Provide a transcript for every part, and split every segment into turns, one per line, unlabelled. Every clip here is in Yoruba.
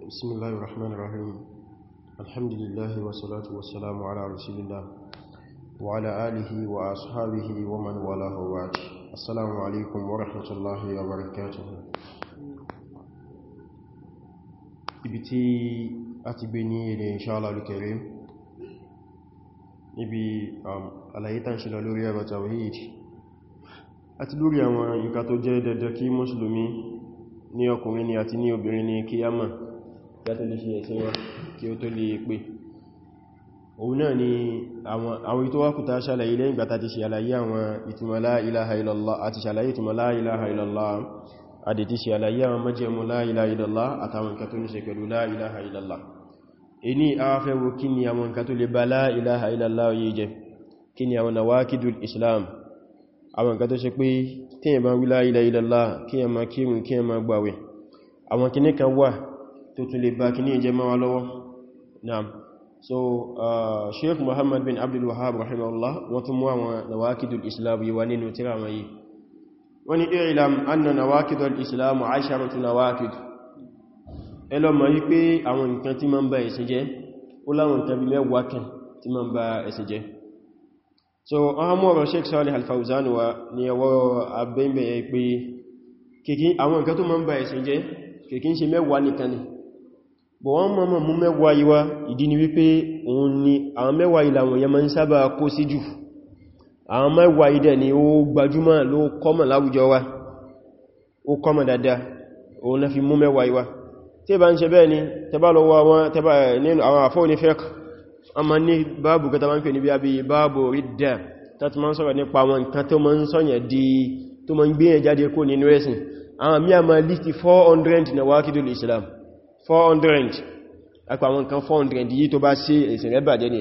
بسم الله الرحمن الرحيم الحمد لله والصلاة والسلام على رسول الله وعلى آله وأصحابه ومن والاه وعد السلام عليكم ورحمة الله وبركاته ibiti ati beni ni inshallah al-karim ibi àlàyé tan shi lórí aba tawhid àti lórí àwọn ikato jẹ́ dede kí mùsùlùmí muslimi ni àti ní obirin ni kiyama látò lè ṣe ẹ̀sìn wọn kí ó tó lè pé òun náà ni àwọn ìtọ́wà kùta ṣàlàyé lẹ́yìn gbàtà ti ṣàlàyé àwọn ìtumọ̀ la ilaha illallah àti ṣàlàyé ìtumọ̀ la ilaha illallah àdè ti ṣàlàyé àwọn májẹ̀mú la ilaha illallah àtàwọn nǹkan tó ní ṣe pẹ̀lú la ilaha illallah ẹni afẹ́ wo kí ni àwọn nǹkan tó lè ba la ilaha illallah yìí jẹ́ kí ni pé tí bá wí la ilaha illallah ma kírun kí ma gbàwẹ̀ àwọn kìníkan wà tó tún lè bá kí ní ìjẹ mọ́wàá lọ́wọ́ naam so uh, sheikh muhammad bin abdul wahab rahimahullah wọ́n tún mú àwọn nawakidul islam yìí wà nínú tírà wọn yìí wọ́n ni i'lam anna nawakidul islam asharatu nawakid ẹlọ mọ̀ yí pé àwọn nǹkan tí ma ń ba ẹ̀sìn jẹ́ ó láwọn nǹkan bí mẹ́wàá tí ma ń ba ẹ̀sìn jẹ́ so ọha mú ọ̀rọ̀ sheikh salih al-fawzan wa ni ẹwọ́ abẹ́mẹ̀ yẹ pé àwọn nǹkan tó ma ń ba ẹ̀sìn jẹ́ kìkín ṣe mẹ́wàá nìkan ni bọ̀ wọ́n mọ́ mú mẹ́wàá yíwá ìdí ni wípé òun ni àwọn mẹ́wàá ìlà wọ̀nyẹ ma ń sábà kó sí jù àwọn mẹ́wàá ìdẹ̀ ni ó gbajúmọ̀ ló kọ́mọ̀ láwùjọ wa ó kọ́mọ̀ dáadáa òun na fi mú mẹ́wàá yíwá tí bá ń ṣe bẹ́ẹ̀ ni tẹbá lọ wá wọn tẹbá nínú àwọn àfọ́ ní fẹ́k ọmọ ní báàbù 400 na wákìdùl Islam 400 àpà àwọn nǹkan 400 yìí tó bá ṣe ẹ̀sìn rẹ̀ bàjẹ́ ni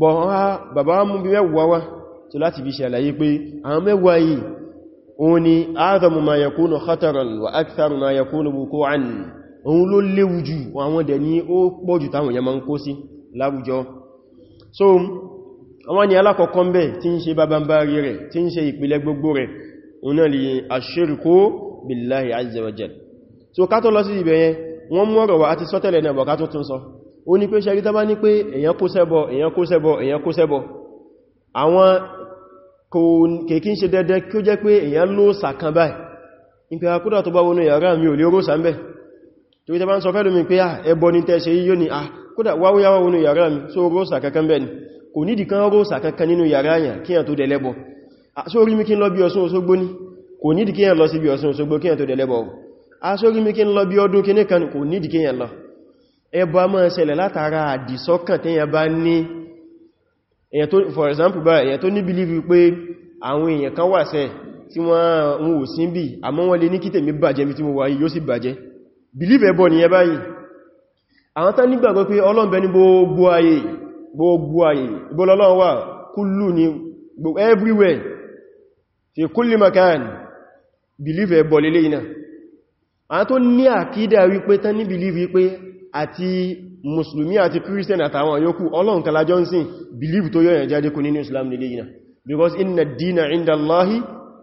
bọ̀ ha bàbá mú bí mẹ́wàá wá tó láti fi ṣàlàyé pé àwọn mẹ́wàá yìí òun ni a'zamu ma yakunu khataran wa aktharu ma yakunu wuqu'an òun ló léwu jù àwọn dẹ̀ ní ó pọ̀ jù táwọn yẹn ń kó sí láwùjọ so àwọn ni alákọ̀ọ́kọ́ ń bẹ̀ tí ń ṣe bábámbárí rẹ̀ tí ń ṣe ìpìlẹ̀ gbogbo rẹ̀ òun náà lè ashirku billahi azza wa so ká tó lọ sí ibẹ̀ yẹn wọ́n mú ọ̀rọ̀ wá àti sọ́tẹ̀lẹ̀ náà bọ̀ ká tó tún sọ ó ní pé ṣe rí tán bá ní pé èyàn kó sẹ́bọ̀ èyàn kó sẹ́bọ̀ èyàn kó sẹ́bọ̀ àwọn kò kèkí ń ṣe dẹ́dẹ́ kí ó jẹ́ pé èyàn ló sàkán báyìí ní pé akúdà ah, tó bá wọnú yàrá mi ò lè ró sàmbẹ̀ ah, ah, tó kò nídìí kí yàn lọ sí bí Ọ̀ṣun Òṣogbo kí yàn tó dẹ̀lẹ́bọ̀ aṣórí mi kí ń lọ bí ọdún kí ní kan kò nídìí kí yẹn lọ ẹbọ a máa ṣẹlẹ̀ látara àdìsọ́kàn tí yẹn bá ní èyàn tó for example bá èyàn tó ní believe pé àwọn èyàn kan wà sẹ́ tí wọ́n ń wò sí bí àmọ́ wọ́n lè ní kí tèmi bàjẹ́ mi tí mo wà yóò sì bàjẹ́ believe ẹbọ nìyẹn báyìí àwọn tán nígbàgbọ́ pé ọlọ́mbẹ ní gbogbo ayé gbogbo ayé ìbọ́lọ́lọ́wọ́ wà kúlù ní everywhere fi kulli makan believe ẹbọ lélẹ́yìn náà àwọn tó ní àkídà wípé tán ní believe wípé àti mùsùlùmí àti christian àtàwọn yòókù ọlọ́run kan lájọ́ ń believe tó yọ́yàn jáde kú nínú islam nílé yìí because inna dina inda allahi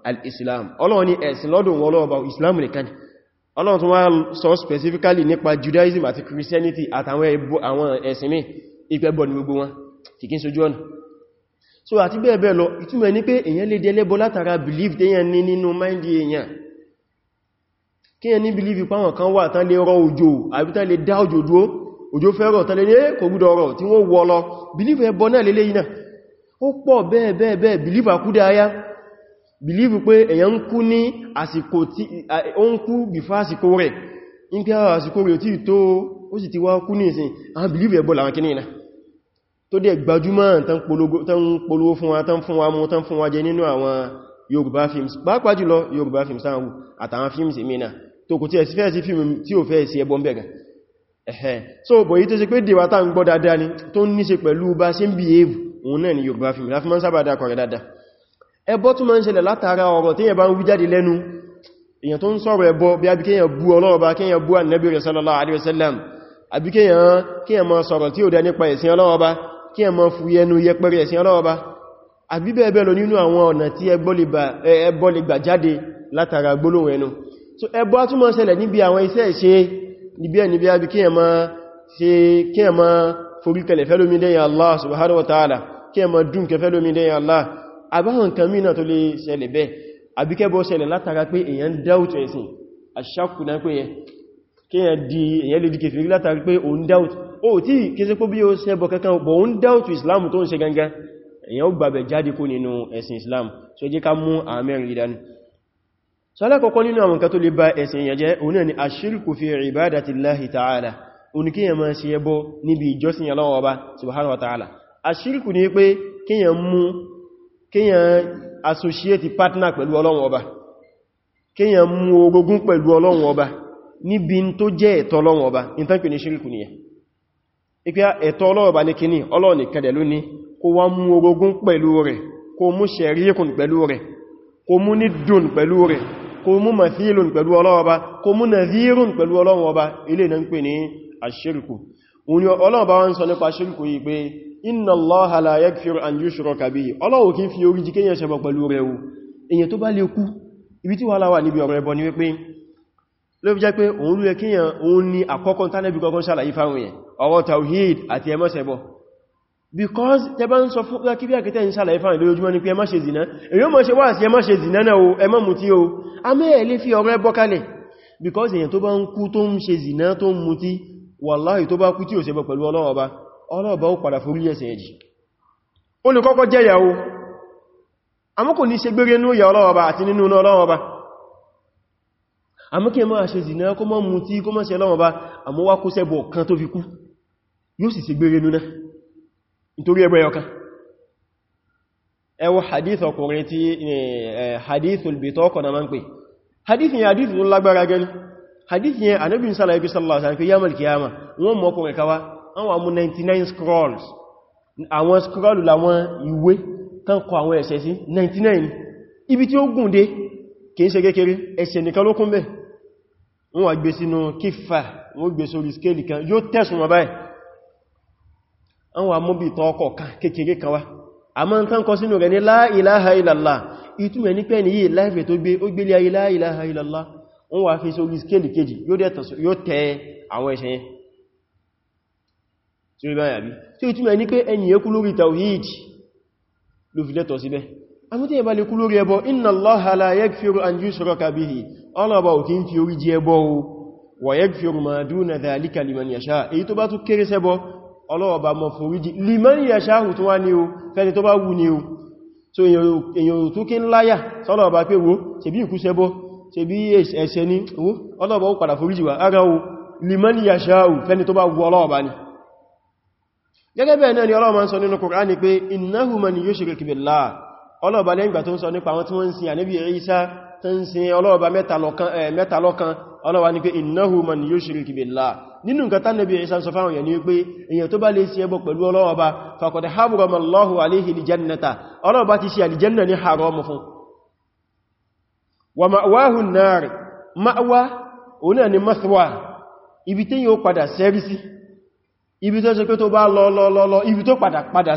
al-islam ọlọ́run ni ẹ̀sìn lọ́dún wọn lọ́ọ̀bá islam nìkan ọlọ́run tó wá sọ specifically nípa judaism àti christianity àtàwọn ẹ̀sìn mi ìpẹ́bọ̀ ní gbogbo wọn kìkín sojú so àti bẹ́ẹ̀ bẹ́ẹ̀ lọ ìtumọ̀ ní pé èyàn lè believe téyàn ní nínú mind èyàn kí ẹni believe páwọn kan wà tán lè rọ òjò àbí tán lè dá òjò dúó òjò fẹ́rọ̀ tán lè ní kò gúdọ̀ ọ̀rọ̀ tí wọ́n wọ́ lọ believe ẹbọ náà lélé iná ó pọ̀ bẹ́ẹ̀ bẹ́ẹ̀ bẹ́ẹ̀ believe àkúdá believe pé èyàn ń kú ní àsìkò tí ó ń kú before àsìkò rẹ̀ ń ah, believe ẹbọ làwọn kìnnì náà tó dẹ̀ gbajúmọ̀ tán polówó fún wa tán fún wa mú tán fún wa jẹ nínú àwọn Yorùbá films pàápàá jùlọ Yorùbá films táwọn àtàwọn films èmì tó kò tí ẹ̀ sí fíìmù tí ó fẹ́ sí ẹbọn bẹ̀rẹ̀ ẹ̀hẹ́ so bọ̀ yí tó ṣe pé dèwàtà ń gbọ́ dáadáa ni tó ní ṣe pẹ̀lú bá ṣe ń behave òun náà ni Yorùbá fíìmù láti máa ń sábàdà kọ̀rẹ̀ dáadáa ẹbọ tún máa ń ṣẹlẹ̀ látara ọ̀rọ̀ sallallahu alaihi wasallam àbí kíyàn máa sọ̀rọ̀ tí ó dá nípa ẹ̀sìn ọlọ́ọ̀bá kíyàn máa fú yẹnu yẹpẹrẹ ẹ̀sìn ọlọ́ọ̀bá àbí bẹ́ẹ̀ bẹ́ẹ̀ lọ nínú àwọn ọ̀nà tí ẹbọ lè gbà jáde látara gbólóhùn ẹnu so ẹbọ a tún máa ṣẹlẹ̀ níbi àwọn iṣẹ́ ìṣe níbi ẹni bí abi kíyàn máa ṣe kíyàn máa foríkẹlẹ̀ fẹ́lómi lẹ́yìn Allah subhanahu wa ta'ala kíyàn máa dùn kẹ fẹ́lómi lẹ́yìn Allah àbáhàn kan mìíràn tó lè ṣẹlẹ̀ bẹ́ àbí kẹbọ ṣẹlẹ̀ látara pé èyàn dáútù ẹ̀sìn àṣàkù náà pé kíyàn di èyàn di kèfèrí látara pé òun dáútù ó tí kése pé bí ó kankan bọ̀ òun dáútù Islam tó ń ṣe gangan èyàn ó gbàbẹ̀ jáde kó nínú ẹ̀sìn Islam so jẹ́ ká mú àmẹ́rin ìdánù sọ́lẹ́kọ̀ọ́kọ́ nínú àwọn nǹkan tó lè ba ẹ̀sìn ìyànjẹ́ òun náà ni aṣírkù fi ìbádàtí láhì ta'ala oníkíyàn máa ṣe ẹbọ níbi ìjọsìn Ọlọ́hun Ọba subhanahu wa ta'ala aṣírkù ni pé kíyàn mú kíyàn associate partner pẹ̀lú Ọlọ́hun Ọba kíyàn mú orogún pẹ̀lú Ọlọ́hun Ọba níbi tó jẹ́ ẹ̀tọ́ Ọlọ́hun Ọba in tán kò mú ní dùn pẹ̀lú rẹ̀ kò mú mathilun pẹ̀lú Ọlọ́run Ọba kò mú nazirun pẹ̀lú Ọlọ́run Ọba ilé na ń pè ní ashirku òní Ọlọ́run Ọba wọ́n sọ nípa ashirku yìí pé inna Allaha la yaghfiru an yushraka bihi Ọlọ́run kí fi orí jíkẹ́ yẹn ṣẹbọ pẹ̀lú because tẹba ń sọ fún kí bí àkẹtẹ́ ìṣàlẹ̀ ìfà ìlú ojúmọ́ ní pé ẹ má ṣe zìná èyí mọ̀ ṣe wà sí ẹ má ṣe zìná náà o ẹ má mutí o a mẹ́ẹ̀ lè fi ọ̀rẹ́ bọ́kálẹ̀ because èyàn tó bá ń kú tó ń ṣe zìná tó ń mutí wàláhì tó bá kú tí ò ṣe bọ́ pẹ̀lú ọlọ́ọ̀ba ọlọ́ọ̀ba ó padà forí ẹ̀ṣẹ̀ ẹ̀jì ó lè kọ́kọ́ jẹ́ ìyàwó àmọ́ kò ní ṣe gbére nú ìyà ọlọ́ọ̀ba àti nínú ọlọ́ọ̀ba àmọ́ kí ẹ máa ṣe zìná kó mọ́ mutí kó mọ́ ṣe ọlọ́ọ̀ba àmọ́ wá kó sẹ́bọ̀ kan tó fi kú yóò sì ṣe gbére nú náà nítorí ẹgbẹ́ ọkàn ẹwọ hadith ọkùnrin tí hadith olùbìtọ́ ọkọ̀ na máa ń pè hadith yẹn hadith tó lágbára gẹni hadith yẹn anabin sálà ibi sálà sáré pé yamal kiyama wọ́n mọ́ ọkùnrin kawa wọ́n mú 99 scrolls àwọn scrolls làwọn ìwé tán kọ àwọn ẹ̀ṣẹ̀ sí 99 ibi tí ó gùn dé kìí ṣe kékeré ẹ̀ṣẹ̀ nìkan ló kún bẹ́ wọ́n wà gbé sínú kífà wọ́n gbé sórí scale kan yóò tẹ̀sùn wọn báyìí an wa mọ́bí tọ́ọ̀kọ̀ kékeré kan wá a ma ń tán kọ sínú rẹ̀ ní la ilaha illallah ìtumọ̀ ní pẹ́ ní yìí láìfẹ́ tó gbé ó gbélé ayé la ilaha illallah wọ́n wá fi sórí skéèlì kejì yóò tẹ àwọn ẹ̀ṣẹ̀ yẹn tí ó bá yàbí tí ìtumọ̀ ní pé ẹni yẹ kú lórí tawhid ló fi lẹ́tọ̀ síbẹ̀ àmú tí ìbá lè kú lórí ẹbọ inna Allaha la èyí tó bá tún kéré sẹ́bọ ọlọ́ọ̀bá mọ̀ fún ríjì liman ya ṣáhù tó wá ní o fẹ́ni tó bá wù ní o so èyàn tó kí ń láyà sọ́lọ́ọ̀bá pé wo ṣe bí ìkú ṣẹbọ ṣe bí ẹ̀ṣẹ̀ ní owó ọlọ́ọ̀bá ó padà foríjì wà ara o liman ya ṣáhù fẹ́ni tó bá wù ọlọ́ọ̀bá ni gẹ́gẹ́ bẹ́ẹ̀ náà ni ọlọ́ọ̀bá ń sọ nínú Kùránì pé innahu man yushrik billah ọlọ́ọ̀bá lẹ́yìn ìgbà tó ń sọ nípa àwọn tí ọlọ́wà ní pé innahu man yushrik billah nínú nǹkan tán nàbí ìsá sọ fáwọn yẹni wípé èyàn tó bá lè sí ẹbọ pẹ̀lú ọlọ́wà bá faqad harrama Allahu alayhi al-jannata ọlọ́wà bá ti sí alìjẹ́nà ní haramu fún wa ma'wahu an-nar ma'wa oní ni mathwa ibi tí yóò padà sẹ́rí sí ibi tó ṣe pé tó bá lọ lọ lọ lọ ibi tó padà padà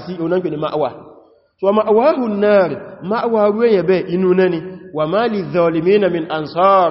wa ma li-zalimina min ansar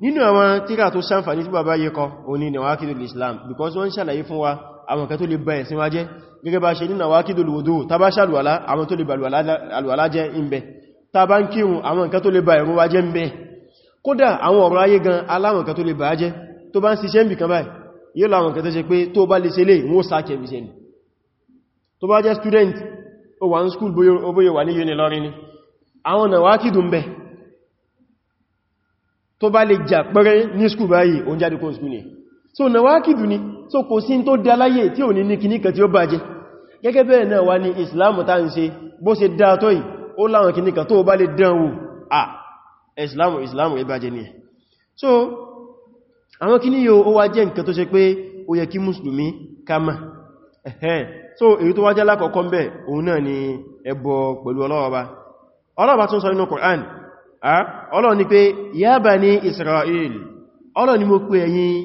nínú àwọn tíra tó sánfàní tí bàbá yẹ kọ òní ni wákìdùl islam because wọ́n ṣàlàyé fún wa àwọn kan tó lè bẹ̀ẹ̀ síwá jẹ́ gẹ́gẹ́ bá ṣe nínú wákìdùl wudu ta bá ṣàlùwàlá àwọn tó lè bàlùwàlá jẹ́ ń bẹ ta bá ń kírun àwọn kan tó lè bà gan aláwọn kan tó lè bà jẹ́ tó bá ń ṣiṣẹ́ ń bì kan báyìí yóò láwọn kan tó ṣe pé tó bá lè ṣe lè wọ́n sáàkẹ̀ bí ṣe ni tó bá jẹ́ student ó tó bá lè jà pẹ́rẹ́ ní skú báyìí oún jáde kó ní so na wá so kò sí tó dá láyé tí ò ní ní kìníkà tí ó bàjẹ́ gẹ́gẹ́ bẹ́ẹ̀ náà wá ní islam ta ń ṣe bó ṣe dá tó yìí ó láwọn kìníkà tó bá lè dán wò so àwọn kìní yóò ó wá jẹ́ nǹkan tó kama so èyí tó wájá lákọ̀ọ́kọ́ bẹ́ẹ̀ òun náà ni ẹbọ pẹ̀lú ọlọ́wọ́ bá ọlọ́wọ́ bá tún sọ nínú Qur'an ọlọ́run ni pé ya bani Israel ọlọ́run ni mo pè ẹ̀yin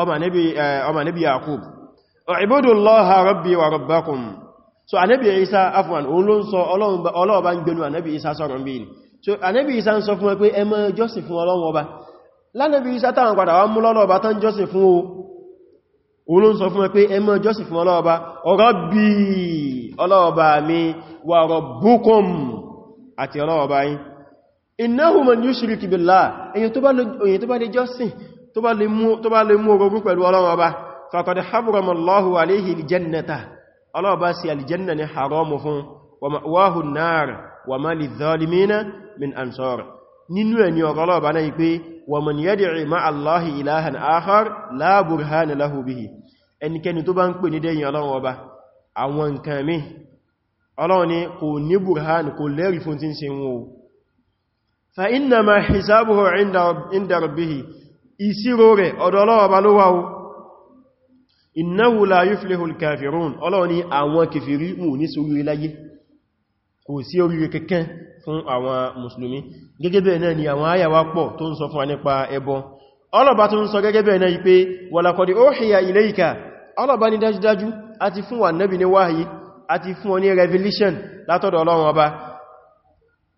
ọmọ ànábì eh, Yakub u'budullaha rabbi wa rabbakum so ànábì Isa afwan òun sọ ń Isa sọ́rọ̀ bí so Isa ń sọ fún jọ́sìn fún ọba lánàbì Isa táwọn padà wá mú lọ́lọ́ tán jọ́sìn fún òun sọ fún ẹ pé jọ́sìn fún ọlọ́ọba ọlọ́ọba mi innahu man yushriku billah èyàn tó bá lè jọ́sìn tó bá lè mú orogún pẹ̀lú ọlọ́run ọba faqad harrama Allahu alayhi al-jannata ọlọ́run bá sí aljanna ní haramu fún wa ma'wahu an-nar wa ma lidh-dhalimina min ansar nínú ẹni ọ̀rọ̀lọ́ bá náà pé wa man yad'i ma'a Allahi ilahan akhar la burhana lahu bihi ẹnikẹni tó bá ń pè ní dẹ́yìn ọlọ́run ọba àwọn nǹkan mi ọlọ́run ni kò ní burhan kò lẹ́rìí fún tí ń ṣe wọn o fa inna ma hisabuhu inda rabbihi ìṣirò rẹ̀ ọ̀dọ̀ Ọlọ́run ba ló wà o innahu la yuflihul kafirun Ọlọ́run ní àwọn kèfèrí mú ní sórí láyé kò sí oríire kankan fún àwọn mùsùlùmí gẹ́gẹ́ bẹ́ẹ̀ náà ni àwọn àyàwá pọ̀ tó ń sọ fún nípa ẹbọ ọlọ́ba tó ń sọ gẹ́gẹ́ bẹ́ẹ̀ náà pé walaqad uhiya ilayka ọlọ́ba ní dájúdájú àti fún wa nẹ́bì ní wáyé àti fún ọ ní revelation látọ̀dọ̀ Ọlọ́run ọba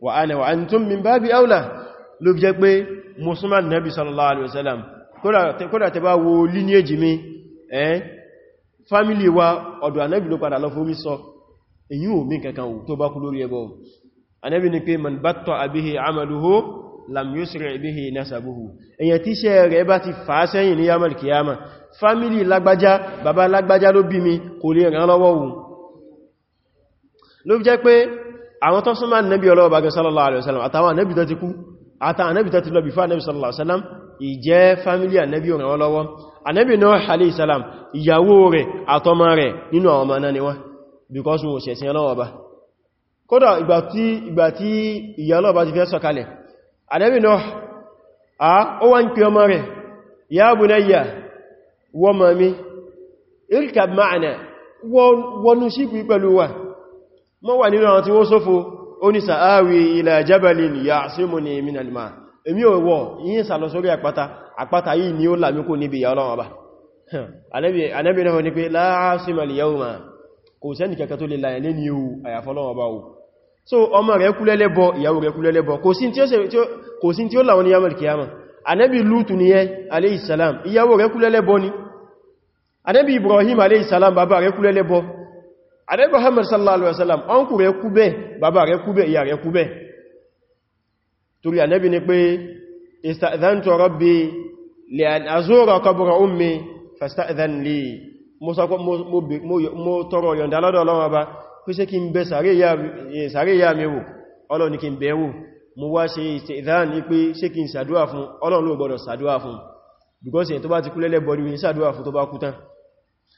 wa ana wa antum min babi aula ló fi jẹ́ pé musulman nabi sallallahu alaihi wasallam kódà tẹ bá wo lineage mi eh family wa ọ̀dọ̀ anabi ló padà lọ fomi sọ èyí ò mí kankan wù tó bá kú lórí ẹbọ anabi ni pé man batta abihi amaluhu lam yusri bihi nasabuhu èyàn tí iṣẹ́ rẹ̀ bá ti fà á sẹ́yìn yamal kiyama family lágbájá bàbá lágbájá ló bí mi kò lè ràn lọ́wọ́ òun ló fi jẹ́ pé àwọn tó súnmọ́ nẹ́bí ọlọ́ọ̀bá gẹ́ sallallahu alaihi wasallam àtàwọn nẹ́bí tó ti kú àtàwọn nẹ́bí tó ti lọ before nẹ́bí sallallahu alaihi wasallam ìjẹ́ fámílì ànẹ́bí òrìn ọlọ́wọ́ ànẹ́bí Nuh alaihi because wọn ṣẹ̀sìn ọlọ́ọ̀bá kódà ìgbà tí ìyà ọlọ́ọ̀bá ti fẹ́ sọ̀kalẹ̀ ànẹ́bí Nuh a ó wá ń pè ọmọ rẹ̀ ya bunayya wọ́n mọ̀ mi irkab ma'ana wọnú sí pẹ̀lú wa mọ́ wà nínú àwọn tí wọ́n sófo ó ní sàáwì ila jabalin ya'simuni minal ma èmi ò wọ́ yínyìn sàlọ sórí àpáta àpáta yìí ni ó làmí níbi la 'asima al-yawma kò sẹ́ni kẹ́kẹ́ tó lè láyẹ̀ lé ní ewu àyàfọ́lọ́wọ́ bá wù so ọmọ rẹ̀ kú lẹ́lẹ́bọ ìyàwó rẹ̀ kú lẹ́lẹ́bọ kò sí tí ó làwọn ní yamal kiyama Ànábì Lútù ni yẹn alayhi salam ìyàwó rẹ̀ Ibrahim alayhi salam bàbá rẹ̀ kú Ànábì Muhammad sallallahu alaihi wasallam ọkù rẹ̀ kú bẹ́ bàbá rẹ̀ kú bẹ́ ìyá rẹ̀ kú bẹ́ torí Ànábì ní pé ista'dhantu rabbi li an azura qabra ummi fasta'dhan li mo tọrọ yọ̀ǹda lọ́dọ̀ Ọlọ́run Ọba pé ṣé kí n bẹ̀ eh, sàréè ìyá mi wò Ọlọ́run ní kí n bẹ̀ wò mo wá ṣe ista'dhan ní pé ṣé kí n fún Ọlọ́run ló gbọ́dọ̀ fún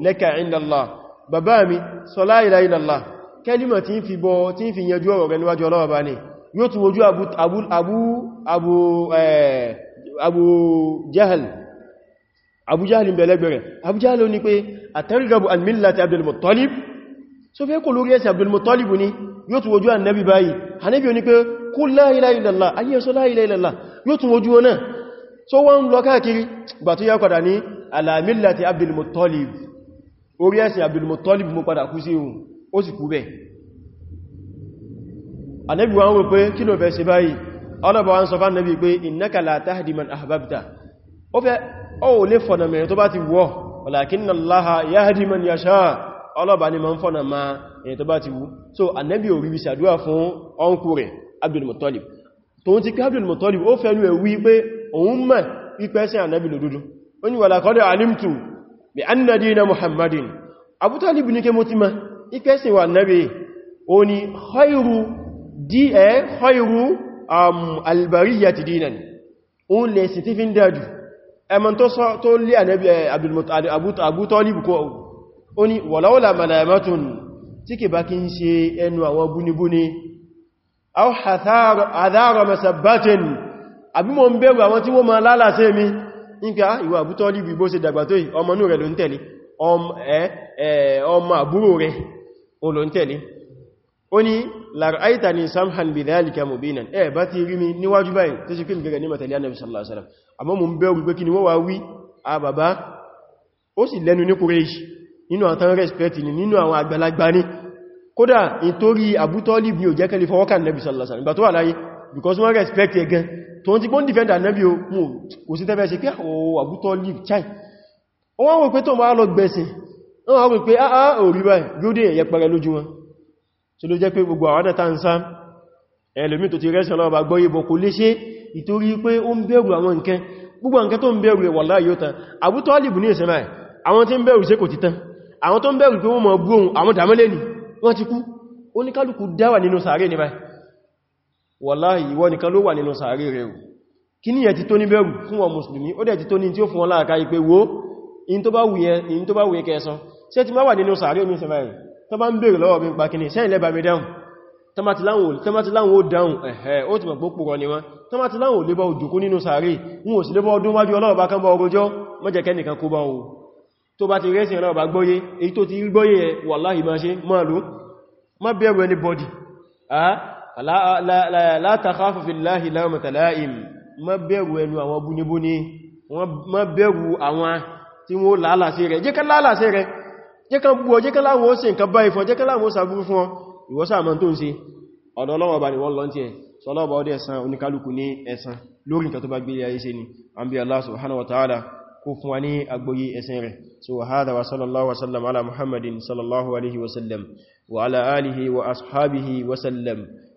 laka inda Allah bàbá mi sọ la ilaha illallah kẹ́límà tí ń fi bọ́ tí ń fi yẹjú ọ̀rọ̀ níwájú ọlọ́wọ́ bá ní yóò tún wojú Abu Jahal Abu Jahal ń bẹ̀lẹ́gbẹ̀rẹ̀ Abu Jahal ní pé atargabu an millati Abdul Muttalib so fẹ́ kò lórí ẹsẹ̀ Abdul Muttalib ní yóò tún wojú annabi báyìí Ànábì ó ní pé kú la ilaha illallah ayé sọ la ilaha illallah yóò tún wojú wọn náà so wọ́n lọ káàkiri gbà tó yá ní ala millati orí ẹ̀sìn Abdul Muttalib mo padà kú sí ihun ó sì kú bẹ̀ Ànábì wọn wọ́n pé kí ló fẹ́ ṣe báyìí ọlọ́bà wọn sọ fán Ànábì pé innaka la tahdi man ahbabta ó fẹ́ ó lè fọ̀nà mẹ́rin tó bá ti wọ́ walakinna Allaha yahdi yasha ọlọ́bà ni ma ń fọ̀nà ma so Ànábì ò rí bí ṣàdúrà fún ọkù rẹ̀ Abdul Muttalib tó ń ti ká Abdul Muttalib ó fẹ́nu ẹ̀ wí pé òun mọ̀ bí an na muhammadin abu talib ní kí mo ti ma ipẹ́ sí wa nabi o ni khairu di ẹ e, khairu albariyyati dinan o lè sì ti fi ń dájú ẹmọ tó lé ànábì abu talib kó o ni wàláwàlá malamatun tí kì bá kí ń ṣe ẹnu àwọn búnibúni aw àdára masabbatin àbí mo ń bẹ̀rù àwọn tí wọ́n ma lálàsẹ́ mi nípa ìwà àbútọ́ líbi bó ṣe dàgbà tó yìí ọmọ inú rẹ̀ ló ń tẹ̀lé ọmọ àbúrò rẹ̀ ló ń tẹ̀lé ó ní lar'aita ni samhan bi dhalika mubinan ẹ bá ti rí mi níwájú báyìí tó ṣe fíìmù gẹ́gẹ́ ní mọ̀tẹ̀lẹ́ ni wọ́n wá wí a bàbá ó sì ni nínú àwọn àgbàlagbà ni kódà nítorí àbútọ́lì bí ò jẹ́ kẹ́lifọ́wọ́kà annabi sallallahu because wọ́n respect ẹ gan tó ń ti gbọ́n defend ànábì o mú kò sí tẹ́fẹ́ ṣe pé o àbútọ́ leave chai wọ́n wọ́n pé tó máa lọ gbẹ̀sìn wọ́n wọ́n pé ah orí ah, báyìí gúdé ẹ̀yẹ pẹ̀rẹ lójú wọn tí ló jẹ́ pé gbogbo àwọn náà tán sá ẹlòmí tó ti rẹ́sìn lọ́wọ́ bá gbọ́yé bọ̀ kò lè ṣe ìtorí pé ó ń bẹ̀rù àwọn nǹkan gbogbo nǹkan tó ń bẹ̀rù ẹ̀ wàlá yóò tán àbútọ́ lìbù ní ìsinmi àwọn tí ń bẹ̀rù sí kò ti tán àwọn tó ń bẹ̀rù pé wọ́n mọ̀ bú ohun àwọn dàmọ́lé ni wọ́n ti kú oníkálùkù dáwà nínú sàárè ní báyìí wàláhì ìwọ nìkan ló wà nínú sàárè rẹ̀ rù kí ní ẹ̀ ti tó ní bẹ̀rù fún wọn mùsùlùmí ó dẹ̀ ti tó ní tí ó fún wọn láàká ipé wo in tó bá wùye kẹsàn ṣe ti má wà nínú sàárè omi sẹmẹ́rì tó bá ń bèèrè lọ́wọ́ bí n pa kíní sẹ́yìn lẹ́bàá mi dáhùn tọ́mátí láwọn ò dáhùn ẹ̀hẹ́ ni wọ́n tọ́mátí láwọn ò lébọ́ òjòkó nínú sàárè wọn ò sí lébọ́ ọdún wájú ọlọ́ọ̀bá kan la takhafu fillahi lawmata la'im má bẹ̀rù ẹnu àwọn búnibúni má bẹ̀rù àwọn tí wọ́n lálàsí rẹ̀ jẹ́ ká lálàsí rẹ̀ jẹ́ ká bú ọ jẹ́ ká láwọn ó ṣe nǹkan báyìí fún jẹ́ ká láwọn ó sàbúrú fún ọ ìwọ́sà mọ́ tó ń ṣe ọ̀dọ̀ ọlọ́wọ́ bá ní wọ́n lọ́ntí ẹ̀ sọlọ́bà ọdẹ ẹ̀san oníkálukú ní ẹ̀san lórí nǹkan tó bá gbé ayé ṣe ni an bí Allah subhanahu wa ta'ala kó fún wa ní agbóyí ẹ̀sìn so hada wa sallallahu wa sallam ala muhammadin sallallahu alaihi wa sallam wa ala alihi wa ashabihi wa sallam